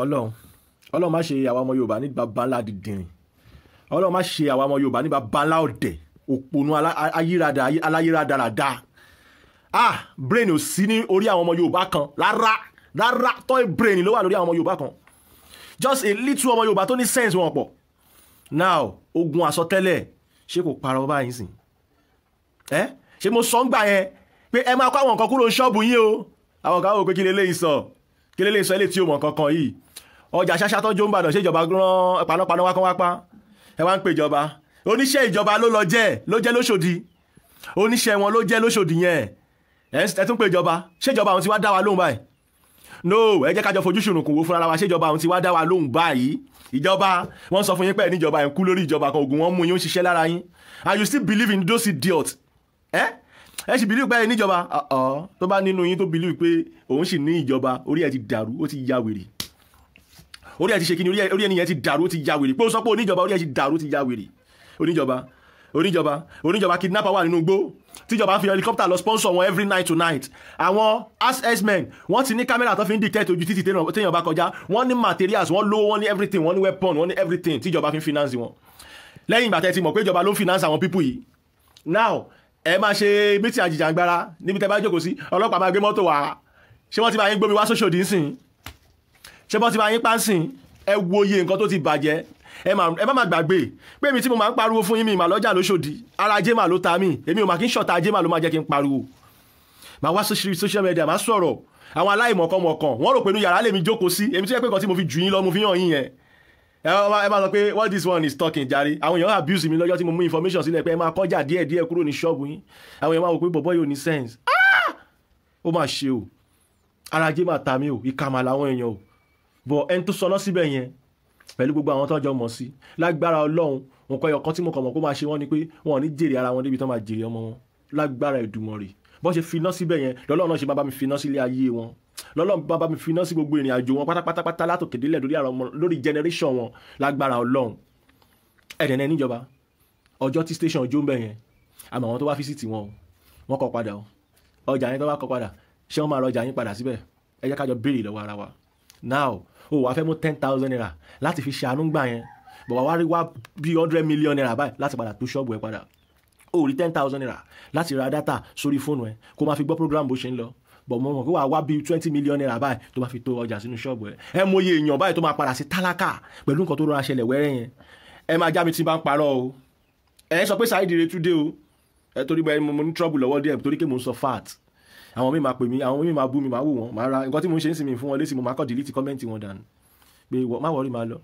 ọlọ́run ọlọ́run má ṣe àwa ọmọ yorùbá ní baba ńlá dìndìnrín ọlọ́run má ṣe àwa ọmọ yorùbá ní baba ńlá ọ̀dẹ̀ òpònú ayírada aláyírada ràdá ah brain ò sí ní orí àwọn ọmọ yorùbá kan rárá rárá toy brain ló wà lórí àwọn ọmọ yorùbá kan just a little ọmọ yorùbá tó ní sense wọn pọ̀ now ogun àsọtẹ́lẹ̀ ṣé kò parọ́ báyìí sìn ẹ́ ṣé mo sọ ń gbà yẹn pé ẹ máa kó àwọn nǹkan kúrò ṣọ́ọ̀bù yín o àwọn kan wò pé kí lè léyìí sọ kí lélẹ́ sọ ilé tí o mọ̀ kankan yìí ọjà ṣáṣá tọ́jú ń bàdàn ṣé ìjọba rán panápaná wákán wápá ẹ wá ń pè ìjọba oníṣẹ́ ìjọba ló lọ jẹ́ ló jẹ́ lóṣòdì oníṣẹ́ wọn ló jẹ́ lóṣòdì yẹn ẹ tún pè ìjọba ṣé ìjọba àwọn ti wá dá wa lóhùn báyìí no ẹ jẹ́ kájọ fojú ṣùnùkùn wo fúnra wa ṣé ìjọba àwọn ti wá dá wa lóhùn báyìí ìjọba wọn sọ fún yín pé níjọba ẹ kú lórí ìjọba kan ògùn wọn mú yín ó ṣiṣẹ́ lára yín and you still believe in those idiots eh? ẹ sì bìlíù pé ẹ níjọba tó bá nínú yín tó bìlíù pé òun sì ní ìjọba orí ẹ ti dàrú ó ti ya wèrè orí ẹ ti ṣe kí ni orí ẹni yẹn ti dàrú ó ti ya wèrè pé ó sọ pé oníjọba orí ẹ ti dàrú ó ti ya wèrè oníjọba oníjọba oníjọba kidnapper wà nínú igbó tíjọba fi helicopter lọ sponsor wọn every night to night àwọn SS men wọ́n ti ní kámẹ́rà tó fi ń dictate ojú títì téèyàn bá kọjá wọ́n ní materials wọ́n lówó wọ́n ní everything wọ́n ní weapon wọ́n ní everything tíjọba fi ń finance wọn lẹ́yìn ìgbà tẹ́ ti mọ̀ pé ìjọba ló ń finance àwọn people yìí now ẹ máa ṣe mítì àjìjàngbara níbi tẹ́ bá jókòó sí ọlọ́pàá máa gbé mọ́tò wá ṣé wọ́n ti máa yín gbómi wá sóṣòdì ń sìn ṣé wọ́n ti máa yín pa ń sìn ẹ wo iye nǹkan tó ti bàjẹ́ ẹ má má gbàgbé pé èmi tí mo máa ń pariwo fún yín mi ìmàlọ́jà lóṣòdì ara ajé mà ló ta mí èmi ò mà kí ń ṣọ̀tá ajé mà ló máa jẹ́ kí n pariwo màá wá social media màá sọ̀rọ̀ àwọn aláìmọ̀kànmọ̀kàn wọ́n rò pé inú yàrá lèmi jókòó sí èmi tí wọ́n pé kan tí mo fi jù yín lọ mo fi hàn yín yẹn ẹ máa sọ pé what this one is talking jàre àwọn èèyàn abuse mi lọ́jọ́ tí mo mú information sílẹ̀ pé ẹ máa kọjá díẹ̀ díẹ̀ kúrò ní ṣọ́ọ̀bù yín àwọn èèyàn máa wò pé bọ̀bọ́ yóò ní sense ah! ó máa ṣe o ara jẹ́ máa ta mi o ìka mà làwọn èèyàn o bọ̀ ẹni tó sọlọ́ síbẹ̀ yẹn pẹ̀lú gbogbo àwọn tọ́jọ́ mọ̀ sí lágbára ọlọ́run nǹkan ẹyọ kan tí mo kàn mọ̀ kó máa ṣe wọ́n ni pé wọn ò ní jèrè ara wọn débi tán máa jèrè ọmọ wọn lágbára Èdùmàrè bọ́n ṣe finá síbẹ̀ yẹn lọ́lọ́run náà ṣe máa bá mi finá sílé ayé wọn lọ́lọ́run bàbá mi finá sí gbogbo ìrìn àjò wọn pátápátá látòkè délẹ̀ lórí àwọn ọmọ lórí generation wọn lágbára ọlọ́run ẹ̀dẹ̀ náà níjọba ọjọ́ tí station ọjọ́ ń bẹ̀ yẹn àmọ́ àwọn tó wá fíṣítì wọn wọn kọ padà o ọjà yẹn tó wá kọ padà ṣé wọ́n máa rọ ọjà yín padà síbẹ̀ ẹ jẹ́ kájọ béèrè lọ́wọ́ ara wa now o wàá fẹ́ mú ten thousand naira láti fi ṣàánú gbà yẹn bàbá wa rí wá bíi hundred million naira báyìí láti padà tó ṣọ́ọ̀bù ẹ padà o rí ten thousand naira láti ra data sórí fóònù ẹ kó máa fi gbọ́ program bó ṣe ń lọ bọ̀ mo mọ̀ pé wàá wá bíi twenty million naira báyìí tó bá fi tó ọjà sínú ṣọ́ọ̀bù ẹ̀ ẹ mọ iye èèyàn báyìí tó máa padà sí tálákà pẹ̀lú nǹkan tó rọra ṣẹlẹ̀ wẹ́rẹ́ yẹn ẹ máa já mi tí bá ń parọ́ o ẹ sọ pé Saheed Ire Túndé o ẹ torí bẹ́ẹ̀ mo ní trouble lọ́wọ́ díẹ̀ torí pé mo ń sọ fat àwọn míì máa pè mí àwọn míì máa bú mi máa wò wọ́n máa ra nǹkan tí mo ń ṣe ń sinmi fún wọn lésì mo máa kọ́ delete kọ́mẹ́ǹtì wọn dànù pé má wọrí máa lọ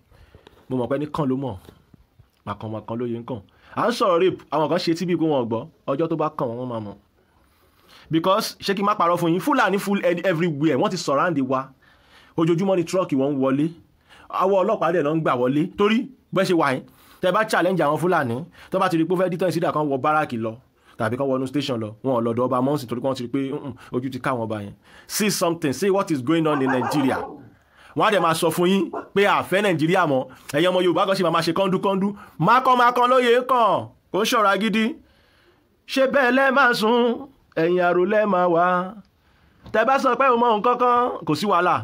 mo mọ̀ pé ní kàn ló mọ̀ màkànmọ̀kàn lóye ń kàn à ń sọ̀rọ̀ rape àwọn kan ṣe tíbi kó wọn gbọ́ ọjọ́ tó bá kàn wọ́n máa mọ̀ because ṣé kí n má parọ́ fún yín fúlàní full head everywhere wọ́n ti surround wa ojoojúmọ́ ni truck wọ́n ń wọlé àwọ ọlọ́pàá dẹ̀ náà ń gbà wọlé torí bẹ́ẹ̀ ṣe wà yín tẹ́ bá challenge àwọn fúlàní tó bá ti rí pé ó fẹ́ dítàn ìsídà kan wọ báràkì lọ tàbí kan wọnú station lọ wọn ò lọ́dọ̀ ọba mọ́sìn torí kan ti rí pé ojú ti ká wọn bá yẹn see something see what is going on in Nigeria wọn á dẹ̀ máa sọ fún yín pé àfẹ́ Nàìjíríà mọ́ ẹ̀yin ọmọ Yorùbá kan ṣì máa máa ṣe kọ́ńdúkọ́ńdú mákànmákàn lóye kàn kò ń ṣọ̀rọ̀ agídí ṣé bẹ́ẹ̀ lẹ́ẹ̀ máa sùn ẹ̀yìn àròlẹ́ máa wá tẹ bá sọ pé òun mọ òun kankan kò sí wàhálà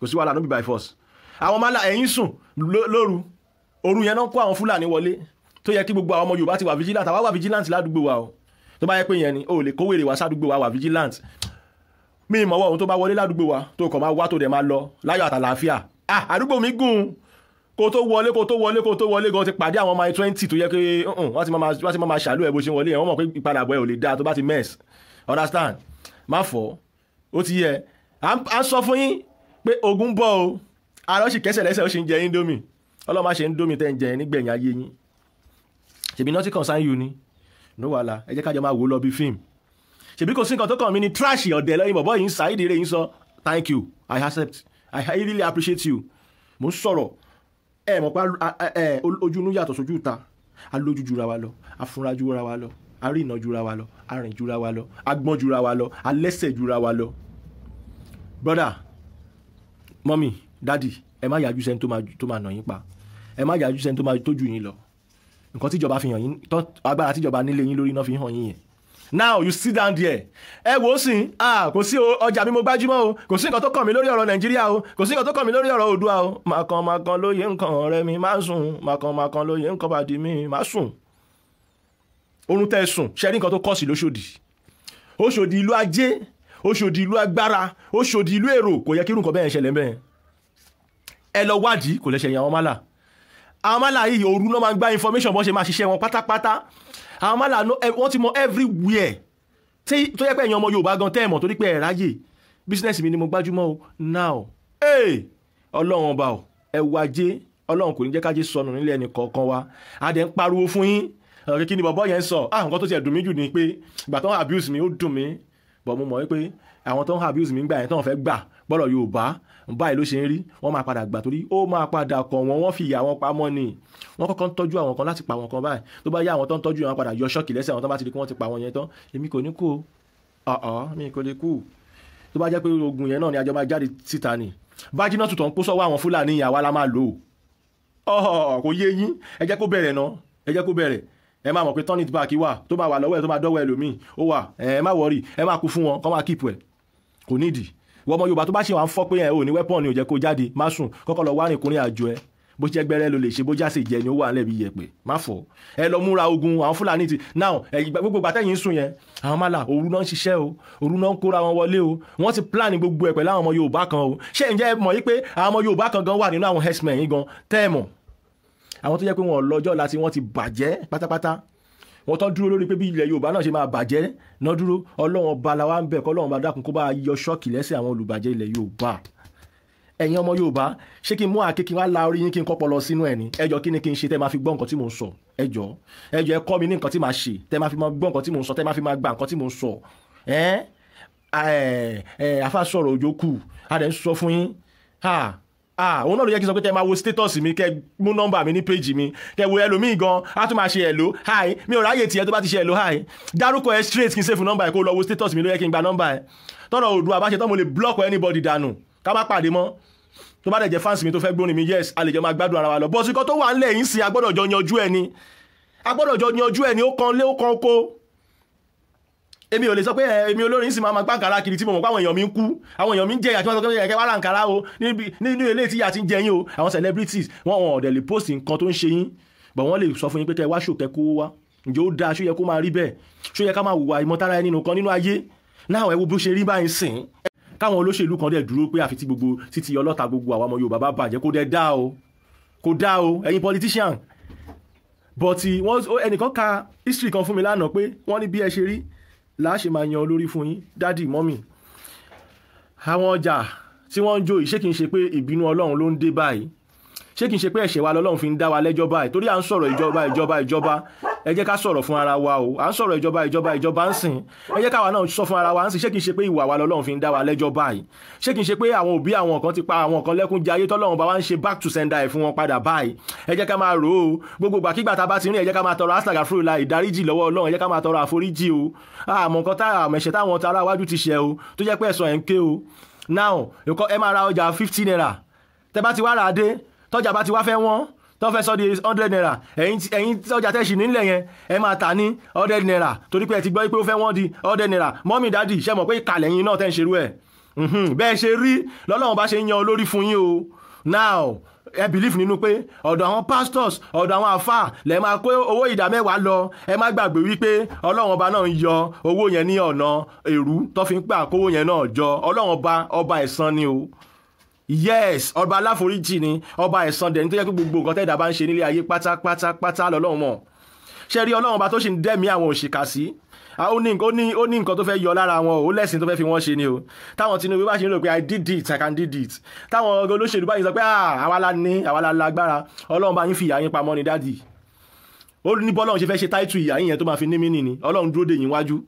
kò sí wàhálà no be by force àwọn máa la ẹ̀yìn sùn lóru òru yẹn náà kó àwọn fúlàní wọlé tó yẹ kí gbogbo àwọn ọmọ yorùbá ti wà vigilant àwa wà vigilant ládùúgbò wa o tó bá yẹ pé yẹn ni o lè kówèrè wá sádùúgbò wa wà vigilant mi ìmọ̀wọ́ òun tó bá wọlé ládùúgbò wa tó kọ̀ máa wá tó dẹ̀ máa lọ láyọ̀ àtàlàáfíà ah àdúgbò mi gùn kó tó wọlé kó tó wọlé kó tó wọlé gan ti pàdé àwọn ọmọ twenty tó yẹ pé wọ́n ti máa ṣàlù ẹ̀ bó ṣe wọlé yẹn wọ́n mọ̀ pé ìpadàbọ̀ ẹ̀ ò lè dáa tó bá ti mess understand má fọ́ ó ti yẹ à ń sọ fún yín pé ogun bọ́ o ara ó sì kẹsẹ̀ lẹ́sẹ̀ ó sì ń jẹ indomie ọlọ́run má ṣe indomie tẹ́ ń jẹ nígbẹ̀yìn ayé yín ṣèbí nothing concern you ni no wàhálà ẹ jẹ́ kájọ máa wò ó lọ bí fíìmù ṣèbí kò sí nǹkan tó kàn mí ni trash ọ̀dẹ̀ lọ́yìn bọ̀bọ́ yìí ń sa ìdíire yìí ń sọ thank you i accept i really appreciate you mo ń sọ̀rọ̀ ẹ mọ̀ pé ojú inú yàtọ̀ sójú ìta alójújura wa lọ afúnrajúra wa lọ a rìnà jura wa lọ a rìn jura wa lọ a gbọ́n jura wa lọ a lẹ́sẹ̀ jura wa lọ. brother mọ́mì daddy, ẹ má yájú sẹ́ni tó máa nà yín pa ẹ má yájú sẹ́ni tó máa tójú yín lọ nǹkan tíjọba fi hàn yín agbára tíjọba nílé yín lórí iná fi hàn yín yẹn now you sit down there ẹ wò ó ah kò sí ọjà mi mo gbájúmọ́ o kò sí nǹkan tó kàn mí lórí ọ̀rọ̀ nàìjíríà o kò sí nǹkan tó kàn mí lórí ọ̀rọ̀ oòduà o màkàn màkàn lóye nǹkan ọ̀rẹ́ mi má sùn màkàn màkàn lóye nǹkan bàdí mi má sùn oorun tẹ́ sùn ṣẹ́rí nǹkan tó kọ́ sí lóṣòdì Òṣòdì ìlú ajé Òṣòdì ìlú agbára Òṣòdì ìlú èrò kò yẹ kí irú nǹkan bẹ́ẹ̀ ṣẹlẹ̀ bẹ́ẹ̀ ẹ lọ wádìí kò lè ṣẹ̀yìn àwọn mọ́là àwọn mọ́là yìí òru náà máa ń gba information bọ́n ṣe máa ṣiṣẹ́ wọn pátápátá àwọn mọ́là wọ́n ti mọ everywhere tó yẹ pé ẹ̀yin ọmọ Yorùbá gan tẹ́ẹ̀mọ̀ torí pé ẹ̀ ráyè business mi ni mo gbájúmọ́ o now ee ọlọ́run ọba ẹ̀ wájé ọlọ́run kò ní jẹ́ kájé sọnù nílẹ̀ ẹnì kọ̀ọ̀kan wa adẹ̀ ń pariwo fún yín ọ̀rẹ́ kí ni bọ̀bọ̀ yẹn sọ ah nǹkan tó ti ẹ̀dùn mí jù ni pé ìgbà tó ń abuse mi ó dùn mí bọ̀ mo mọ̀ wípé àwọn tó ń abuse mi gbà yẹn tó ń fẹ́ gbà gbọ́dọ̀ Yorùbá báyìí ló ṣe ń rí wọ́n máa padà gbà torí ó máa padà kọ̀ wọ́n wọ́n fi ìyà wọn pamọ́ ni wọ́n kọ́kọ́ ń tọ́jú àwọn kan láti pa àwọn kan báyìí tó bá yá àwọn tó ń tọ́jú wọn padà yọ ṣọ́ọ̀kì lẹ́sẹ̀ àwọn tó bá ti rí kí wọ́n ti pa àwọn yẹn tán èmi kò ní kú ọ̀ọ́ mi kò lè kú tó bá jẹ́ pé ogun yẹn náà ni àjọ máa jáde síta ni bájínà tuntun kó sọ́wọ́ àwọn Fúlàní ìyàwó la lò ó kò yé yín ẹ jẹ́ kó bẹ̀rẹ̀ náà ẹ jẹ́ kó bẹ̀rẹ̀ ẹ máa mọ̀ pé turn it back wà tó máa wà lọ́wọ́ ẹ̀ tó máa dọ́wọ́ ẹlòmíì ó wà ẹ má wọrí ẹ má kú fún wọn kọ́ máa kíìpù ẹ̀ kò nídìí wọ́n ọmọ Yorùbá tó bá ṣe wà ń fọ́ pé ẹ̀ ò ní wẹ́pọ̀n ni ò jẹ́ kó jáde má sùn kọ́kọ́ lọ wárìn kúnrin àjò ẹ̀ bó jẹ́ gbẹ́rẹ́ ló lè ṣe bó jáse jẹ ni ó wà nílẹ̀ bí yẹpẹ̀ má fọ̀ ẹ lọ múra ogun àwọn Fúlàní ti now gbogbo gbàtẹ́yìn sùn yẹn àwọn mọ́là òru náà ń ṣiṣẹ́ o òru náà ń kóra wọn wọlé o wọ́n ti plan gbogbo ẹ̀ pẹ̀lú àwọn ọmọ Yorùbá kan o ṣé ǹjẹ́ mọ̀ yí pé àwọn ọmọ Yorùbá kan gan wà nínú àwọn herdsmen yìí gan tẹ́ ẹ mọ̀ àwọn tó jẹ́ pé wọn lọ́jọ́ láti wọ́n ti bàjẹ́ pátápátá wọ́n tán dúró lórí pé bí ilẹ̀ yorùbá náà ṣe máa bàjẹ́ náà dúró ọlọ́run ọba làwa ń bẹ̀ kọ́ ọlọ́run bá dákun kó bá yọ ṣọ́ọ̀kì lẹ́sẹ̀ àwọn olùbàjẹ́ ilẹ̀ yorùbá ẹ̀yin ọmọ yorùbá ṣé kí n mú àáké kí n wá la orí yín kí n kọ́ pọlọ sínú ẹ̀ ni ẹjọ́ kí ni kí n ṣe tẹ́ máa fi gbọ́ nǹkan tí mò ń sọ ẹjọ́ ẹjọ́ ẹ kọ́ mi ní nǹkan tí màá ṣe tẹ́ máa fi gbọ́ nǹkan tí mò ń sọ tẹ́ máa fi gba nǹkan tí mò ń sọ ẹ́ ẹ́ àfa sọ̀rọ̀ òjò kù a dẹ̀ ń sọ fún yín ah òun náà ló yẹ kí n sọ pé kẹ máa wo status mi kẹ mú nọ́mbà mi ní péjì mi kẹ wo ẹlòmíì gan a tún máa ṣe ẹ̀lò hi mi ò ráyè tiẹ̀ tó bá ti ṣe ẹ̀lò hi dárúkọ ẹ straight kí n ṣèfù nọ́mbà ẹ kó lọ wo status mi ló yẹ kí n gba nọ́mbà ẹ tọ́lọ̀ òdua bá ṣe tán lè block anybody dànù ká má pàdé mọ́ tó bá dẹ̀ jẹ́ fans mi tó fẹ́ gbórin mi yes a lè jọ máa gbádùn ara wa lọ bọ́sùkọ́ tó wà ńlẹ̀ yín sí agbọ́dọ̀ jọ yanjú ẹni agbọ́dọ̀ jọ yanjú ẹni ó kan lé ó kan kó èmi ò lè sọ pé eh, èmi olórin sì máa ma gbá nkàrà kiri tí mo mọ̀ pé àwọn èèyàn mi ń kú àwọn èèyàn mi ń jẹ ìyà tí wọ́n sọ pé eh, ẹ̀kẹ́ wà láǹkàrà o nínú ilé tí ìyà ti ń jẹ yín o àwọn celebrities wọn wọn ọ̀dẹ̀ lè post nǹkan tó ń ṣe yín but wọ́n lè sọ fún yín pé kẹ́ wá ṣòkẹ́ kó wá ǹjẹ́ ó dáa ṣó yẹ kó máa rí bẹ́ẹ̀ ṣó yẹ ká máa wùwà ìmọ̀tara ẹni nìkan nínú ayé náà ẹ wo bó ṣe rí báyìí sìn káwọn olóṣèlú kan dẹ̀ dúró pé àfi tí gbogbo títí ọlọ́ta gbogbo àwọn ọmọ Yorùbá bá bàjẹ́ kó dẹ̀ dá o kó dá o ẹ̀yin politician but wọ́n ẹnìkan ka history kan fún mi lánàá pé wọ́n ní bí ẹ ṣe rí láṣẹ máa yan olórí fún yín dádì mọ́mì àwọn ọjà tí wọ́n ń jó yìí ṣé kìí ṣe pé ìbínú ọlọ́run ló ń dé báyìí ṣé kìí ṣe pé ẹ̀ṣẹ̀ wa lọ́lọ́run fi ń dá wa lẹ́jọ́ báyìí torí à ń sọ̀rọ̀ ìjọba ìjọba ìjọba ẹ jẹ́ ká sọ̀rọ̀ fún ara wa o à ń sọ̀rọ̀ ìjọba ìjọba ìjọba ń sìn ẹ jẹ́ káwa náà sọ fún ara wa ń sìn ṣé kì í ṣe pé ìwà wa lọ́lọ́run fi ń dá wa lẹ́jọ́ báyìí ṣé kì í ṣe pé àwọn òbí àwọn kan ti pa àwọn kan lẹ́kún jayé tọ́lọ́run bá wa ń ṣe back to sender ẹ̀ fún wọn padà báyìí ẹ jẹ́ ká máa rò ó gbogbo ìgbàkigbà tá a bá ti rìn ẹ jẹ́ ká máa tọrọ asaga fúru la ìdáríjì lọ́wọ́ ọlọ́run ẹ jẹ́ ká máa tọrọ o àmọ́ nǹkan tá àmọ̀ ẹ̀ṣẹ̀ o tó jẹ́ pé o now ẹ máa ra ọjà fifty naira tẹ bá ti wá rà á tó fẹ́ sọ di hundred naira ẹ̀yin ẹ̀yin ọjà tẹ́sí nílẹ̀ yẹn ẹ máa tà ní hundred naira torí pé ẹ ti gbọ́ pé ó fẹ́ wọ́n di hundred naira mọ́mì dádì ṣe mọ̀ pé ìkàlẹ̀ yín náà tẹ́ ń ṣerú ẹ̀ bẹ́ẹ̀ ṣe rí lọ́lọ́run bá ṣe ń yan olórí fún yín o now ẹ believe nínú pé ọ̀dọ̀ àwọn pastors ọ̀dọ̀ àwọn àfà lẹ máa kó owó ìdá mẹ́wàá lọ ẹ má gbàgbé wípé ọlọ́run ọba náà ń yọ owó yẹn ní ọ̀nà èrú tó fi ń pè àkówó yẹn náà jọ ọlọ́run ọba ọba ẹ̀san ni o yes ọba aláforíjì ni ọba ẹ̀san dẹ̀ni tó yẹ kí gbogbo nǹkan tẹ́ẹ̀dá bá ń ṣe nílé ayé pátápátápátá lọ́lọ́run mọ̀ ṣe rí ọlọ́run ọba tó ṣì ń dẹ́mi àwọn òṣìkà sí ó ní nǹkan tó fẹ́ yọ lára wọn ó lẹ́sìn tó fẹ́ fi wọ́n ṣe ni o táwọn Tinubu bá ṣe ń rò pé i did it i can did it táwọn olóṣèlú bá yìí sọ pé ah, àwa la ní àwa la lágbára ọlọ́run bá yín fi ìyà yín pamọ́ ni dádì ó ní bọ́lọ́run ṣe fẹ́ ṣe táìtù ìyà yín yẹn tó máa fi ní mí nìní ọlọ́run dúró dè yín wájú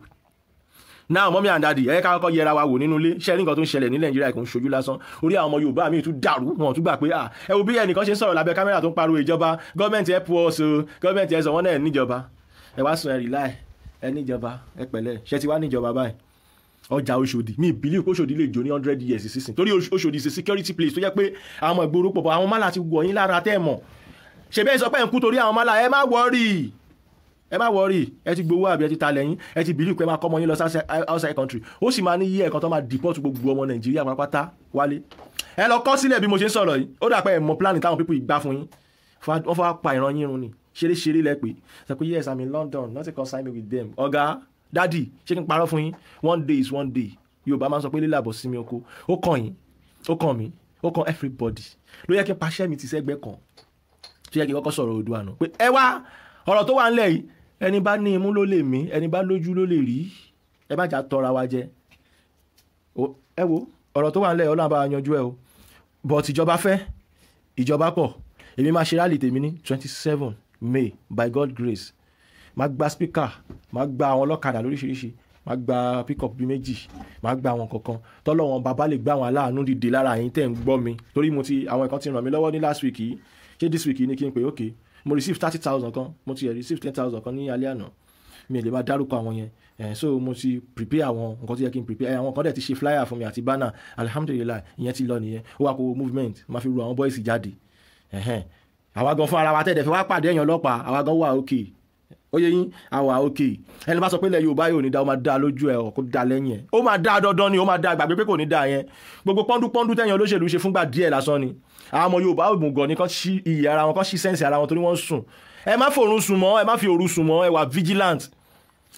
now mommy and dadi ẹ ká kọ́kọ́ yẹra wa wò nínú ilé ṣe nǹkan tó ń ṣẹlẹ̀ ní nàìjíríà kò ń ṣojú lásán orí àwọn ọmọ yorùbá mi tún dàrú wọn tún gbà pé à ẹ wo bí ẹnìkan ṣe ń sọ̀rọ̀ lábẹ́ kámẹ́rà tó ń pariwo ìjọba gọ́ọ̀mẹ̀ntì ẹ pọ̀ so gọ́ọ̀mẹ̀ntì ẹ sọ wọn náà níjọba ẹ wá sùn ẹ rì láì ẹ níjọba ẹ pẹ̀lẹ́ ṣe ti wá níjọba báyìí ọjà Ọ̀ṣọ́dì mi ìbílẹ̀ Ọ̀ṣọ́dì lè jó ní hundred years sísìn torí Ọ̀ṣọ́dì ṣe security place tó jẹ́ pé àwọn ìgboro pọ̀ àwọn mọ́là ti wọ̀ yín lára tẹ́ mọ̀ ṣe bẹ́ẹ̀ sọ pé ẹ̀ ń kú torí àwọn mọ́là ẹ má wọ́ọ̀rì ẹ má wọrí ẹ ti gbowó àbí ẹ ti ta lẹ́yìn ẹ ti bìlì pé ẹ máa kọ́ ọmọ yín lọ sí outside country ó sì máa ní yí ẹ̀kan tó máa deport gbogbo ọmọ nàìjíríà pátápátá wálé ẹ lọ kọ́ sílẹ̀ bí mo ṣe ń sọ̀rọ̀ yìí ó dà pé plan táwọn people gbá fún yín wọ́n fọwọ́ pa ìran yín run ni ṣeréṣeré lẹ pé sọ pé yes i'm in london nothing concern me with them ọ̀gá dádì ṣé kí n parọ́ fún yín one day is one day yorùbá máa ń sọ pé lílàbọ̀ sí mi oko ó kàn yín ó kàn mí ó kàn everybody ló yẹ kí n paṣẹ́ mi ti sẹ́gbẹ́ kan tó yẹ kí n kọ́kọ́ sọ̀rọ̀ Oòduà nù pé ẹ wá ọ̀rọ̀ tó wà ńlẹ̀ yìí ẹni bá ní imú ló lè mí ẹni bá lójú ló lè rí ẹ má jà tọra wa jẹ ẹ wo ọ̀rọ̀ tó wà nílẹ̀ ọlọ́run bá yanjú ẹ o but ìjọba fẹ́ ìjọba pọ̀ èmi máa ṣe rally tèmi ní twenty seven May by God grace máa gba speaker máa gba àwọn ọlọ́kadà lóríṣiríṣi máa gba pickup bíi méjì máa gba àwọn kankan tọ́lọ́ wọn bàbá lè gbá àwọn aláàánú dìde lára yín tẹ̀ ń gbọ́ mi torí mo ti àwọn nǹkan ti ràn mí lọ́wọ́ ní last week yìí ṣé this week yìí ni kí n pè ókè okay mo receive thirty thousand kan mo ti receive ten thousand kan ní alẹ́ àná mi lè máa dárúkọ àwọn yẹn eh, so mo ti prepare àwọn nǹkan tó yẹ kí n prepare àwọn kan dẹ̀ ti ṣe flyer fún mi àti banner alihamudulilayi ìyẹn ti lọ nìyẹn ó wà kó movement ma fi ru àwọn boys jáde àwa gan fún ara wa tẹ̀lé fi wá pàdé èèyàn ọlọ́pàá àwa gan wà okay ó yẹ yín àwa òkè ẹni bá sọ pé ilẹ̀ Yorùbá yóò ní da ó máa da lójú ẹ̀ kó da lẹ́yìn ẹ̀ ó máa da dandan ni ó máa da gbàgbé pé kò ní da yẹn gbogbo pọ́ndúpọ́ndú tẹ̀yìn olóṣèlú ṣe fúngbà díẹ̀ lásán ni àwọn ọmọ Yorùbá òmùgọ̀ ni kán ṣí iyì ara wọn kán ṣí sẹ́ǹsì ara wọn torí wọ́n ń sùn ẹ má fòrun sùn mọ́ ẹ má fi òru sùn mọ́ ẹ wà vigilant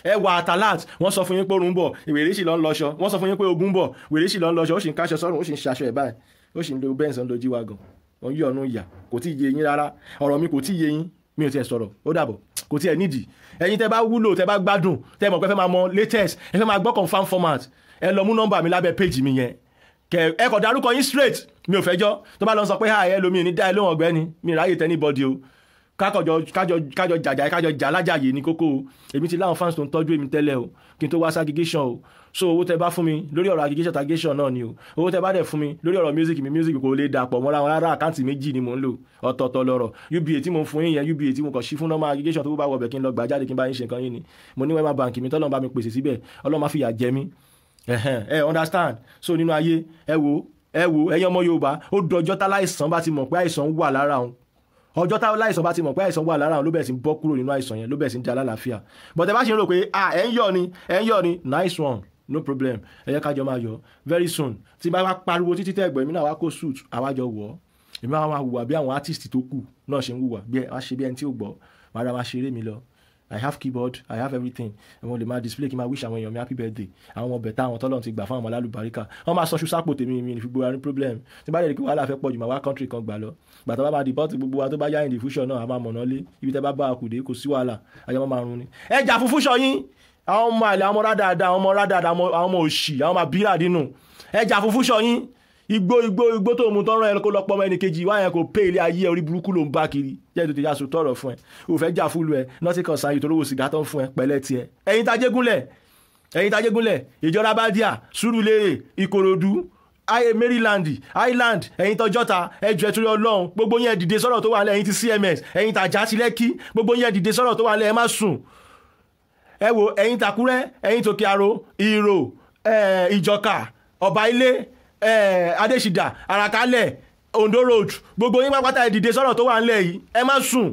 ẹ wà atalat wọ́n sọ fún yín pé orun bọ̀ wèrè sì lọ ń lọṣọ wọ́n sọ fún yín pé ogun bọ̀ wèrè sì lọ ń lọṣọ ó sì ń káṣọ sọ́run ó sì ń ṣaṣọ ẹ̀ báyìí ó sì ń lo bẹ́ǹsì ń lo jíwá gan-an yí ọ̀nà ìyà kò tí ì yé yín rárá ọ̀rọ̀ mi kò tí ì yé yín mi ò tiẹ̀ sọ̀rọ̀ ó dàbọ̀ kò tiẹ̀ nídìí ẹ̀yin tẹ́ bá wúlò tẹ́ bá gbádùn tẹ́ mọ̀ pé fẹ́ máa mọ latest ẹ fẹ́ máa gbọ́ confam format ẹ lọ mú nọ́mbà mi lábẹ́ péjì mi yẹn kẹ ẹ kọ̀ dárúkọ yín straight mi ò fẹ́ jọ́ tó bá lọ sọ pé ha ẹ lomi ní dá ẹ lóhùn ọ̀gbẹ́ni mi ráyè tẹ́ ní bọ́dí o kájọ kájọ kájọ jàjà kájọ jà alájàyè ní kókó o èmi ti láwọn fans tó ń tọ́jú èmi tẹ́lẹ̀ o kí n tó wá sí aggregation o so owó tẹ bá fún mi lórí ọ̀rọ̀ aggregation aggregation náà ni o owó tẹ bá dẹ̀ fún mi lórí ọ̀rọ̀ music mi music kò lè dàpọ̀ mọ́ra wọn rárá àkáǹtì méjì ni mò ń lò ọ̀tọ̀ọ̀tọ̀ lọ́rọ̀ uba tí mo fún yín yẹn uba tí mo kàn sí fún normal aggregation tó bá wọ̀ bẹ̀ kí n lọ gbà jáde kí n bá yín ṣe nǹkan yín bank mi tọ́lọ́run bá mi pèsè síbẹ̀ Ọlọ́run má fìyà jẹ understand so nínú ayé ẹ wo ẹ wo ẹ̀yin ọmọ Yorùbá ó dọjọ́ tá láìsàn bá ti mọ̀ pé àìsàn ọjọ́ táwọn láìsàn bá ti mọ̀ pé àìsàn wà lára ló bẹ̀rẹ̀ sí bọ́ kúrò nínú àìsàn yẹn ló bẹ̀rẹ̀ sí di alálàáfíà but ẹ bá ṣe ń rò pé ah ẹ̀ ń yọ̀ ni ẹ̀ ń yọ̀ ni nice one no problem ẹ jẹ́ kájọ máa yọ̀ very soon tí bá wá pariwo títí tẹ́gbọ̀n èmi náà wá kó suit àwájọ wọ̀ ọ́ èmi náà wá hùwà bí àwọn artist tó kù náà ṣe ń hùwà bí ẹ wá ṣe bí ẹni tí ò gbọ́ wàá ra wá ṣeré mi lọ i have keyboard i have everything àwọn olè máa display kí n máa wish àwọn èèyàn mi happy birthday àwọn ọmọ bẹ̀tà àwọn tọ́lọ́run ti gbà fún àwọn alálùbáríkà wọ́n máa sanṣu sápò tèmi mi ní fi gbóra ní problem tí bá lè rí i pé wàhálà fẹ́ pọ̀ jù máa wá country kan gbà lọ gbàtà bá máa di bọ́ọ̀tì gbogbo wa tó bá yáyìn di fúnṣọ náà a máa mọ̀nà lé ibi tẹ́ bá bá àkùdé kò sí wàhálà àyà máa run ni. ẹ jà fún fúnṣọ yín àwọn ọmọ àlè àwọn ọmọ rádàdà àwọn ọmọ rádàdà àwọn ọmọ òṣì àwọn ọmọ àbírà nínú ẹ jà fún fúnṣọ igbó igbó igbó tó mu tọrọ ẹ kó lọ pọmọ ẹnì kejì wáyẹn kò pé ilé ayé orí burúkú ló ń bá kiri jẹ́ ètò ìyá sùn tọrọ fún ẹ o fẹ́ jà fúlù ẹ lọ́sìn kan sáyé tó lówó sìgá tán fún ẹ pẹ̀lẹ́ tiẹ̀ ẹ̀yin tajégúnlẹ̀ ẹ̀yin tajégúnlẹ̀ ìjọra bádíà sùúrùlérè ìkòròdú maryland island ẹ̀yin tọjọ́ta ẹjọ́ ẹtúrí ọlọ́run gbogbo yẹn dìde sọ̀rọ̀ tó wà lẹ́yìn ti cms ẹ̀yin tàjá ti lẹ́kí gbogbo yẹn dìde sọ̀rọ̀ tó wà lẹ́yìn ẹ má sùn ẹ wo ẹ̀yin tàkúrẹ́ ẹ̀yin tòkè àrò ìrò ìjọka ọba ilé Eh, adésìdá àràkálẹ̀ ondo road gbogbo yín pápátá ẹ dìde sọ̀rọ̀ tó wà ńlẹ̀ yìí ẹ má sùn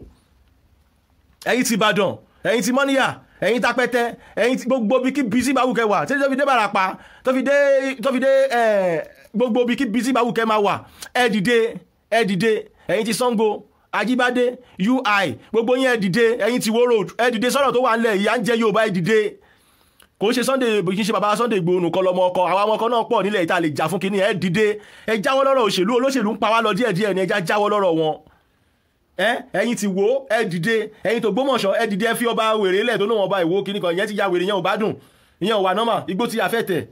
ẹ̀yin ti ìbàdàn ẹ̀yin ti mọ́níyà ẹ̀yin tapẹ́tẹ́ ẹ̀yin ti gbogbo bí kí bísí bá wù kẹ́ wà títí tó fi dé bàràpá tó fi dé tó fi dé eh, gbogbo bí kí bísí bá wù kẹ́ máa wà ẹ dìde ẹ dìde ẹ̀yin ti Ṣàngó Ajíbádé UI gbogbo yín ẹ ẹ̀yin ti wo road ẹ sọ̀rọ̀ tó wà ńlẹ̀ yìí à ń jẹ Yorùbá ẹ kò ń ṣe Sunday kì í ṣe bàbá Sunday Igboho nìkan lọmọ ọkọ àwọn ọmọ ọkọ náà pọ̀ nílẹ̀ ìta lè jà fún kínní ẹ dìde ẹ jáwọ́ lọ́rọ̀ òṣèlú olóṣèlú ń pa wá lọ díẹ̀díẹ̀ ni ẹ já jáwọ́ lọ́rọ̀ wọn ẹ̀yin ti wo ẹ dìde ẹ̀yin tó gbómọ̀ṣọ́ ẹ dìde ẹ fi ọba wèrè lẹ̀ tó lóun ọba ìwo kínní kan ìyẹn ti ya wèrè yẹn ò bá dùn ìyẹn ò wà nọ́mà igbó ti àfẹ́ tẹ̀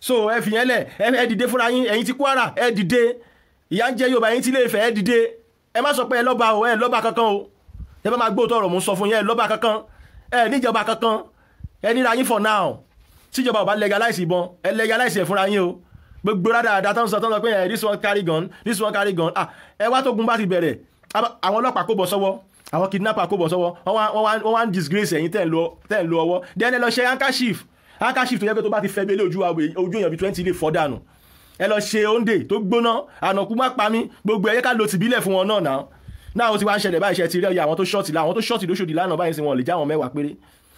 so ẹ fi yẹn lẹ̀ ẹ dìde fúnra yín ẹ̀yin ti Kwara ẹ dìde ìyá ń jẹ Yorùbá yín ti lè fẹ́ ẹ dìde ẹ má sọ pé ẹ lọ́ba o ẹ lọ́ba kankan o ẹ bá máa gbóòtọ̀ ọ̀rọ̀ mò ń sọ fún yín ẹ lọ́ba kankan ẹ níjọba kankan ẹ níra yín for now tíjọba ò bá legalize ìbọn ẹ legalize ẹ̀ fúnra yín o gbogbo rádàdà tó ń sọ tó ń sọ pé ẹ eh, this one carry gun this one carry gun ah ẹ wá tógun bá ti bẹ̀rẹ̀ àwọn ọlọ́pàá kó bọ̀ sọ́wọ́ àwọn kidnapper kó bọ̀ sọ́wọ́ wọ́n wá ń disgrace ẹ̀yin tẹ̀ ń lo ọwọ́ then ẹ lọ ṣe handkerchief handkerchief tó yẹ pé tó bá ti fẹ́ belé ojú èèyàn bíi twenty lè fọ́ dànù ẹ lọ ṣe oúnjẹ tó gbóná ànàkú má pa mí gbogbo ẹ̀yẹ ká lo tìbílẹ̀ fún wọn náà náà náà ó ti wá ń ṣẹlẹ̀ báyìí ṣe ti rẹ́ ọ̀yà àwọn tó ṣọ́ọ̀tì lánàá àwọn lánàá báyìí sí wọn lè já àwọn mẹ́wàá péré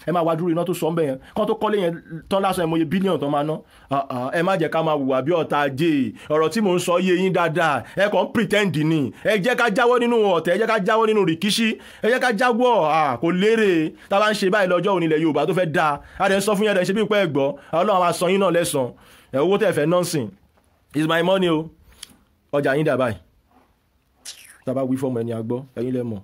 ẹ máa wá dúró iná tó sọ ń bẹ̀ yẹn kán tó kọ́lé yẹn tán lásán ẹ mọ iye bílíọ̀nù tán máa ná ah, ah, ẹ má jẹ́ ká máa hùwà bí ọ̀tá ajé ọ̀rọ̀ tí mò ń sọ yé yín dáadáa ẹ kàn ń pretend ni ẹ jẹ́ ká jáwọ́ nínú ọ̀tẹ̀ ẹ jẹ́ ká jáwọ́ nínú rìkíṣí ẹ jẹ́ ká jáwọ́ ah, kò léèrè tá a bá ń ṣe báyìí lọ́jọ́ òní ilẹ̀ Yorùbá tó fẹ́ dáa is my money o ọjà yín dà báyìí tá a bá wí